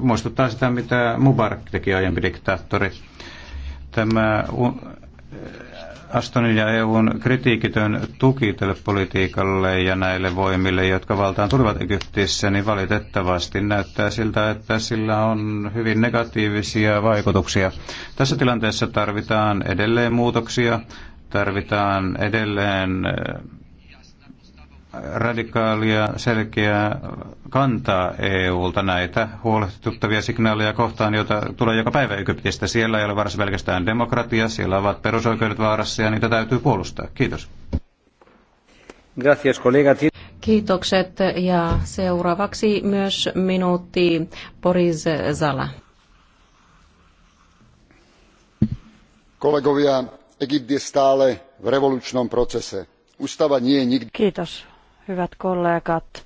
muistuttaa sitä, mitä Mubarak teki aiempi diktaattori. Tämä Astonin ja EUn kritiikitön tuki tälle politiikalle ja näille voimille, jotka valtaan tulivat Egyptissä, niin valitettavasti näyttää siltä, että sillä on hyvin negatiivisia vaikutuksia. Tässä tilanteessa tarvitaan edelleen muutoksia, tarvitaan edelleen radikaalia, selkeää kantaa EUlta näitä huolestuttavia signaaleja kohtaan, joita tulee joka päivä Egyptistä. Siellä ei ole varsin pelkästään demokratia, siellä ovat perusoikeudet vaarassa ja niitä täytyy puolustaa. Kiitos. Gracias, kollega. Kiitokset ja seuraavaksi myös minuutti Boris Zala. Kollegovia, Egypt on stále v revolučnom procese. Ústava nie je nikdy... Kiitos hyvät kollegat,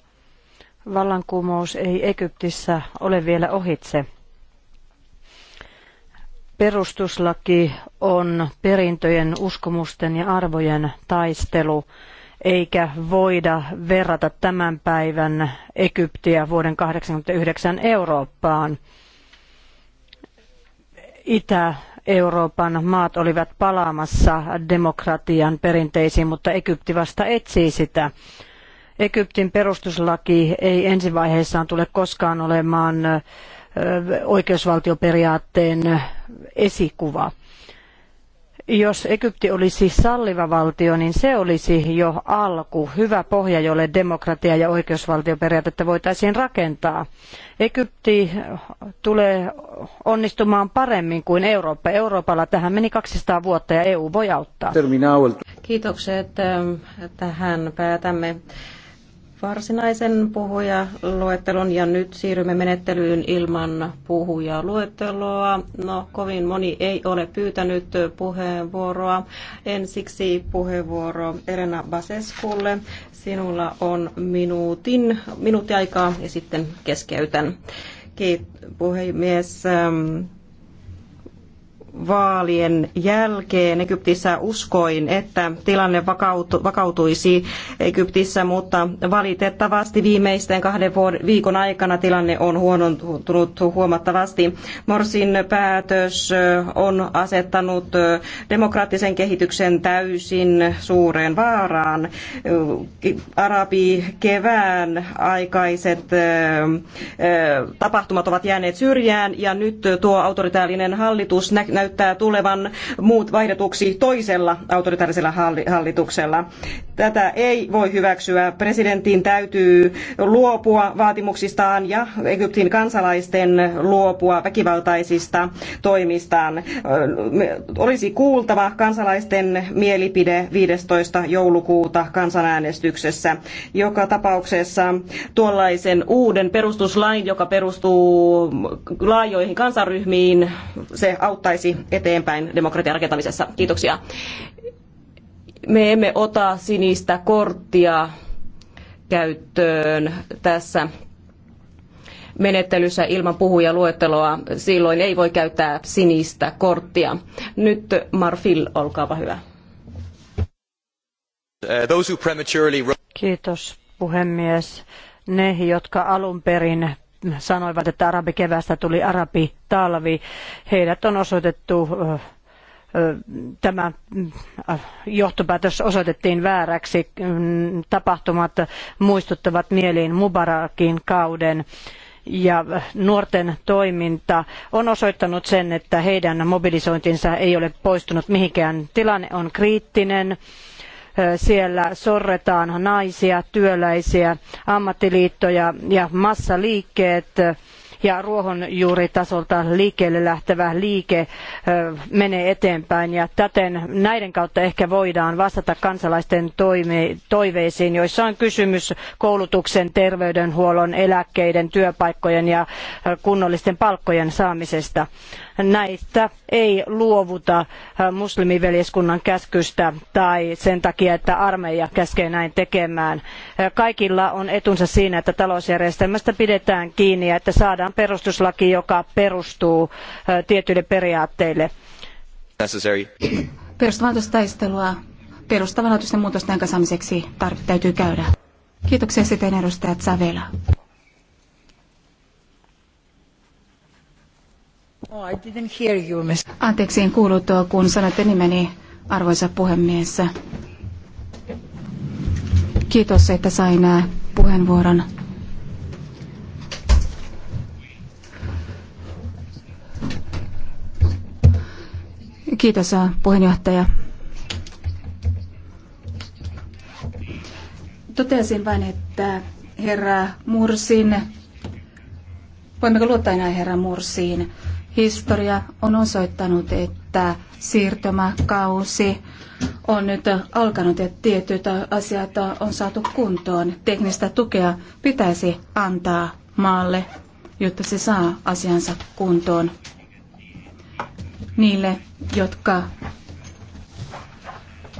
vallankumous ei Egyptissä ole vielä ohitse. Perustuslaki on perintöjen, uskomusten ja arvojen taistelu, eikä voida verrata tämän päivän Egyptiä vuoden 1989 Eurooppaan. Itä-Euroopan maat olivat palaamassa demokratian perinteisiin, mutta Egypti vasta etsii sitä. Egyptin perustuslaki ei ensivaiheessaan tule koskaan olemaan oikeusvaltioperiaatteen esikuva jos Egypti olisi salliva valtio, niin se olisi jo alku, hyvä pohja, jolle demokratia ja oikeusvaltioperiaatetta voitaisiin rakentaa. Egypti tulee onnistumaan paremmin kuin Eurooppa. Euroopalla tähän meni 200 vuotta ja EU voi auttaa. Kiitokset. Tähän päätämme varsinaisen puhujaluettelon ja nyt siirrymme menettelyyn ilman puhujaluetteloa. No, kovin moni ei ole pyytänyt puheenvuoroa. Ensiksi puheenvuoro Elena Baseskulle. Sinulla on minuutin, minuutti aikaa ja sitten keskeytän. Kiitos puhemies. Ähm, vaalien jälkeen Egyptissä uskoin, että tilanne vakautu, vakautuisi Egyptissä, mutta valitettavasti viimeisten kahden viikon aikana tilanne on huonontunut huomattavasti. Morsin päätös on asettanut demokraattisen kehityksen täysin suureen vaaraan. Arabi kevään aikaiset tapahtumat ovat jääneet syrjään ja nyt tuo autoritäärinen hallitus näyttää näyttää tulevan muut vaihdetuksi toisella autoritaarisella hallituksella. Tätä ei voi hyväksyä. Presidentin täytyy luopua vaatimuksistaan ja Egyptin kansalaisten luopua väkivaltaisista toimistaan. Olisi kuultava kansalaisten mielipide 15. joulukuuta kansanäänestyksessä. Joka tapauksessa tuollaisen uuden perustuslain, joka perustuu laajoihin kansaryhmiin, se auttaisi eteenpäin demokratian rakentamisessa. Kiitoksia. Me emme ota sinistä korttia käyttöön tässä menettelyssä ilman puhujaluetteloa. Silloin ei voi käyttää sinistä korttia. Nyt Marfil, olkaapa hyvä. Uh, Kiitos puhemies. Ne, jotka alun perin sanoivat, että arabikevästä tuli arabitalvi. Heidät on osoitettu tämä johtopäätös osoitettiin vääräksi. Tapahtumat muistuttavat mieliin Mubarakin kauden ja nuorten toiminta on osoittanut sen, että heidän mobilisointinsa ei ole poistunut mihinkään. Tilanne on kriittinen siellä sorretaan naisia, työläisiä, ammattiliittoja ja massaliikkeet ja ruohonjuuritasolta liikkeelle lähtevä liike menee eteenpäin ja täten näiden kautta ehkä voidaan vastata kansalaisten toiveisiin, joissa on kysymys koulutuksen, terveydenhuollon, eläkkeiden, työpaikkojen ja kunnollisten palkkojen saamisesta näistä ei luovuta äh, muslimiveljeskunnan käskystä tai sen takia, että armeija käskee näin tekemään. Äh, kaikilla on etunsa siinä, että talousjärjestelmästä pidetään kiinni ja että saadaan perustuslaki, joka perustuu äh, tietyille periaatteille. Necessary. Perustavanlaatuistaistelua perustavanlaatuisten muutosten aikaansaamiseksi täytyy käydä. Kiitoksia sitten edustajat Savela. Oh, I didn't hear you, miss. Anteeksi, en kuullut tuo, eh, kun sanoitte nimeni, arvoisa puhemies. Kiitos, että sain eh, puheenvuoron. Kiitos eh, puheenjohtaja. Totesin vain, että herra Mursin, voimmeko luottaa enää herra Mursiin? Historia on osoittanut, että siirtymäkausi on nyt alkanut ja tietyt asiat on saatu kuntoon. Teknistä tukea pitäisi antaa maalle, jotta se saa asiansa kuntoon. Niille, jotka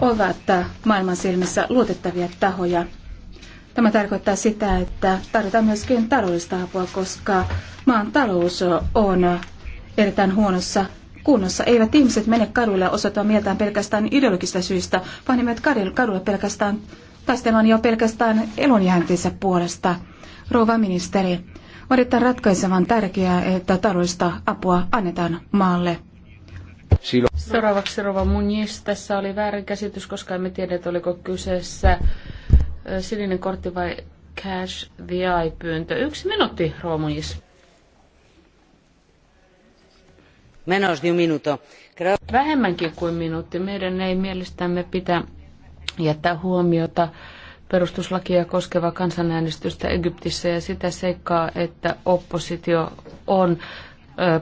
ovat maailman silmissä luotettavia tahoja. Tämä tarkoittaa sitä, että tarvitaan myöskin taloudellista apua, koska maan talous on erittäin huonossa kunnossa. Eivät ihmiset mene kaduille osoittamaan mieltään pelkästään ideologisista syistä, vaan ne menevät kadulle pelkästään taistelemaan jo pelkästään elonjääntinsä puolesta. Rouva ministeri, on erittäin ratkaisevan tärkeää, että taloista apua annetaan maalle. Silo. Seuraavaksi Rova Munis. Tässä oli väärinkäsitys, koska emme tiedä, oliko kyseessä sininen kortti vai cash eye pyyntö Yksi minuutti, Rova Munis. Vähemmänkin kuin minuutti. Meidän ei mielestämme pitää jättää huomiota perustuslakia koskeva kansanäänestystä Egyptissä ja sitä seikkaa, että oppositio on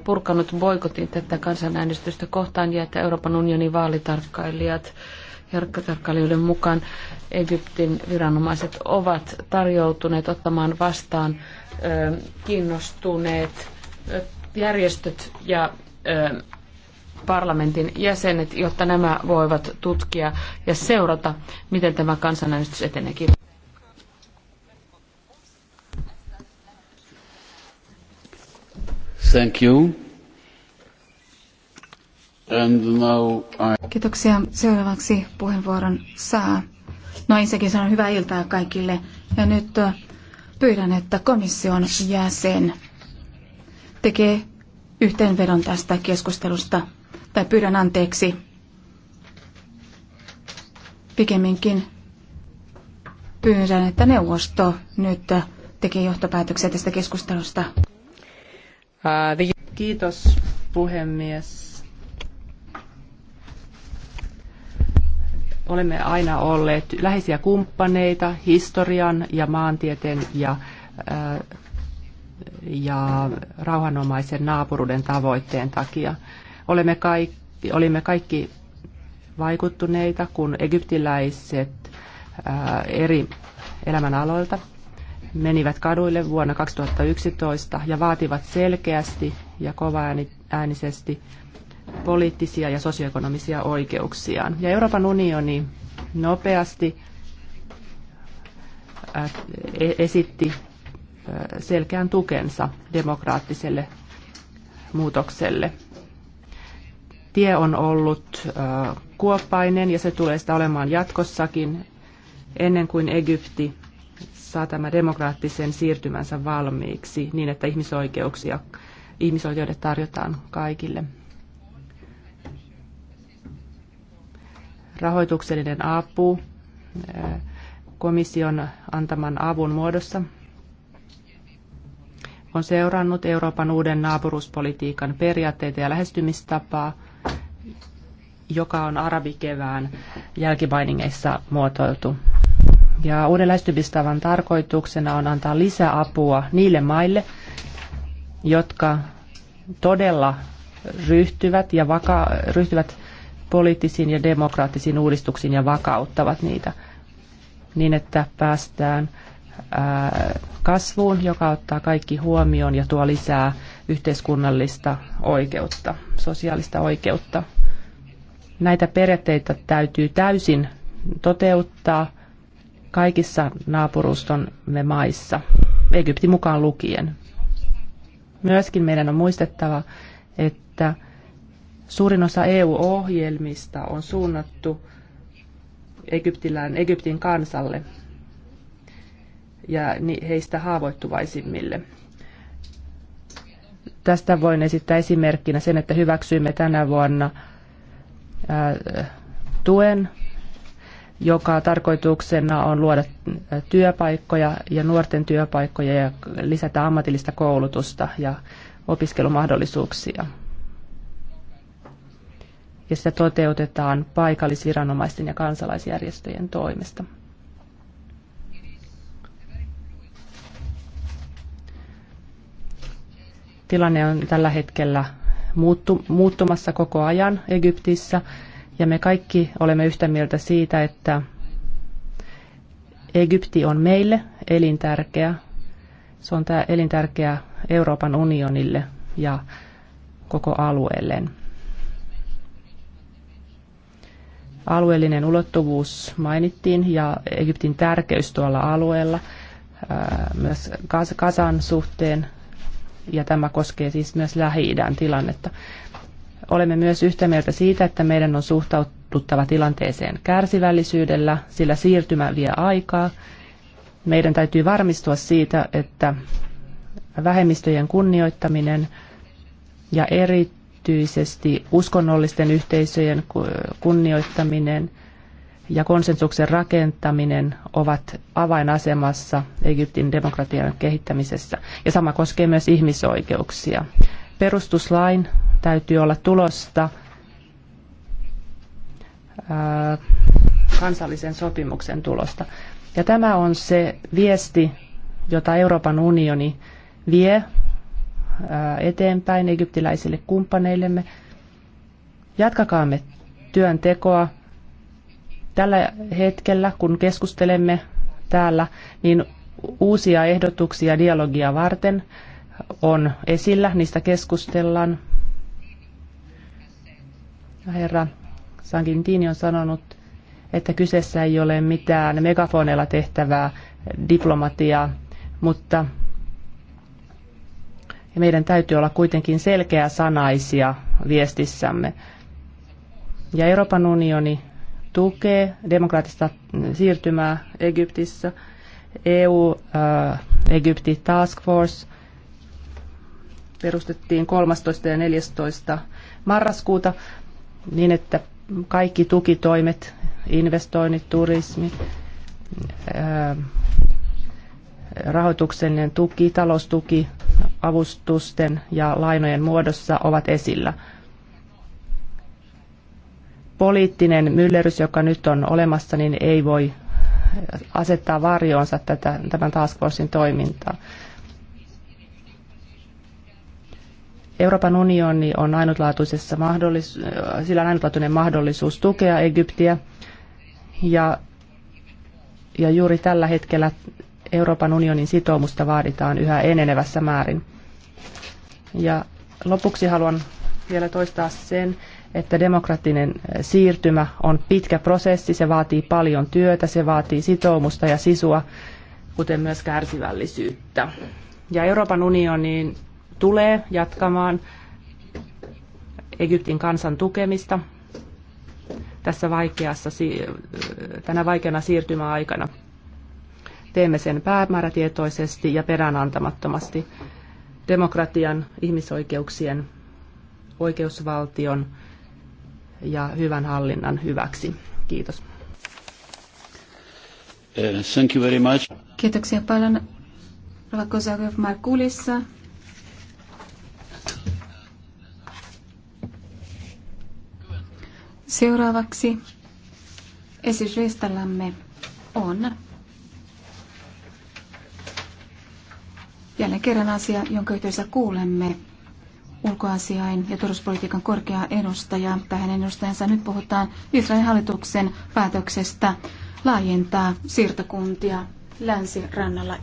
purkanut boikotin tätä kansanäänestystä kohtaan ja että Euroopan unionin vaalitarkkailijat jarkkatarkkailijoiden mukaan Egyptin viranomaiset ovat tarjoutuneet ottamaan vastaan kiinnostuneet järjestöt ja parlamentin jäsenet, jotta nämä voivat tutkia ja seurata, miten tämä kansanäänestys etenee. Thank you. And now I... Kiitoksia. Seuraavaksi puheenvuoron saa. No ensinnäkin sanon hyvää iltaa kaikille. Ja nyt pyydän, että komission jäsen tekee yhteenvedon tästä keskustelusta, tai pyydän anteeksi pikemminkin pyydän, että neuvosto nyt tekee johtopäätöksiä tästä keskustelusta. Kiitos puhemies. Olemme aina olleet läheisiä kumppaneita historian ja maantieteen ja äh, ja rauhanomaisen naapuruuden tavoitteen takia. Olemme kaikki, olimme kaikki vaikuttuneita, kun egyptiläiset ää, eri elämänaloilta menivät kaduille vuonna 2011 ja vaativat selkeästi ja kovaäänisesti poliittisia ja sosioekonomisia oikeuksiaan. Ja Euroopan unioni nopeasti e-, esitti selkeän tukensa demokraattiselle muutokselle. Tie on ollut äh, kuoppainen ja se tulee sitä olemaan jatkossakin ennen kuin Egypti saa tämä demokraattisen siirtymänsä valmiiksi niin, että ihmisoikeuksia, ihmisoikeudet tarjotaan kaikille. Rahoituksellinen apu äh, komission antaman avun muodossa on seurannut Euroopan uuden naapuruuspolitiikan periaatteita ja lähestymistapaa, joka on arabikevään jälkimainingeissa muotoiltu. Ja uuden lähestymistavan tarkoituksena on antaa lisäapua niille maille, jotka todella ryhtyvät, ja vaka- ryhtyvät poliittisiin ja demokraattisiin uudistuksiin ja vakauttavat niitä niin, että päästään kasvuun, joka ottaa kaikki huomioon ja tuo lisää yhteiskunnallista oikeutta, sosiaalista oikeutta. Näitä periaatteita täytyy täysin toteuttaa kaikissa naapurustomme maissa, Egypti mukaan lukien. Myöskin meidän on muistettava, että suurin osa EU-ohjelmista on suunnattu Egyptilään, Egyptin kansalle ja heistä haavoittuvaisimmille. Tästä voin esittää esimerkkinä sen, että hyväksyimme tänä vuonna äh, tuen, joka tarkoituksena on luoda äh, työpaikkoja ja nuorten työpaikkoja ja lisätä ammatillista koulutusta ja opiskelumahdollisuuksia. Ja sitä toteutetaan paikallisviranomaisten ja kansalaisjärjestöjen toimesta. Tilanne on tällä hetkellä muuttu, muuttumassa koko ajan Egyptissä ja me kaikki olemme yhtä mieltä siitä, että Egypti on meille elintärkeä. Se on tämä elintärkeä Euroopan unionille ja koko alueelleen. Alueellinen ulottuvuus mainittiin ja Egyptin tärkeys tuolla alueella myös Kasan suhteen ja tämä koskee siis myös Lähi-idän tilannetta. Olemme myös yhtä mieltä siitä, että meidän on suhtauduttava tilanteeseen kärsivällisyydellä, sillä siirtymä vie aikaa. Meidän täytyy varmistua siitä, että vähemmistöjen kunnioittaminen ja erityisesti uskonnollisten yhteisöjen kunnioittaminen – ja konsensuksen rakentaminen ovat avainasemassa Egyptin demokratian kehittämisessä. Ja sama koskee myös ihmisoikeuksia. Perustuslain täytyy olla tulosta kansallisen sopimuksen tulosta. Ja tämä on se viesti, jota Euroopan unioni vie eteenpäin egyptiläisille kumppaneillemme. Jatkakaamme työntekoa Tällä hetkellä, kun keskustelemme täällä, niin uusia ehdotuksia dialogia varten on esillä, niistä keskustellaan. Herra Sankintini on sanonut, että kyseessä ei ole mitään megafoneilla tehtävää diplomatiaa, mutta meidän täytyy olla kuitenkin selkeä sanaisia viestissämme. Ja Euroopan unioni tukee demokraattista siirtymää Egyptissä. EU äh, Egypti Task Force perustettiin 13. ja 14. marraskuuta niin, että kaikki tukitoimet, investoinnit, turismi, äh, rahoituksen tuki, taloustuki, avustusten ja lainojen muodossa ovat esillä – poliittinen myllerys, joka nyt on olemassa, niin ei voi asettaa varjoonsa tätä, tämän task forcein toimintaa. Euroopan unioni on ainutlaatuisessa mahdollis- sillä on ainutlaatuinen mahdollisuus tukea Egyptiä ja, ja juuri tällä hetkellä Euroopan unionin sitoumusta vaaditaan yhä enenevässä määrin. Ja lopuksi haluan vielä toistaa sen, että demokraattinen eh, siirtymä on pitkä prosessi, se vaatii paljon työtä, se vaatii sitoumusta ja sisua, kuten myös kärsivällisyyttä. Ja Euroopan unioniin tulee jatkamaan Egyptin kansan tukemista tässä vaikeassa, tänä vaikeana siirtymäaikana. Teemme sen päämäärätietoisesti ja peräänantamattomasti demokratian, ihmisoikeuksien, oikeusvaltion ja hyvän hallinnan hyväksi. Kiitos. Eh, thank you very much. Kiitoksia paljon. Rakozakov Markulissa. Seuraavaksi esityslistallamme on jälleen kerran asia, jonka yhteydessä kuulemme ulkoasiain ja turvallisuuspolitiikan korkea edustaja. Tähän edustajansa nyt puhutaan Israelin hallituksen päätöksestä laajentaa siirtokuntia länsirannalla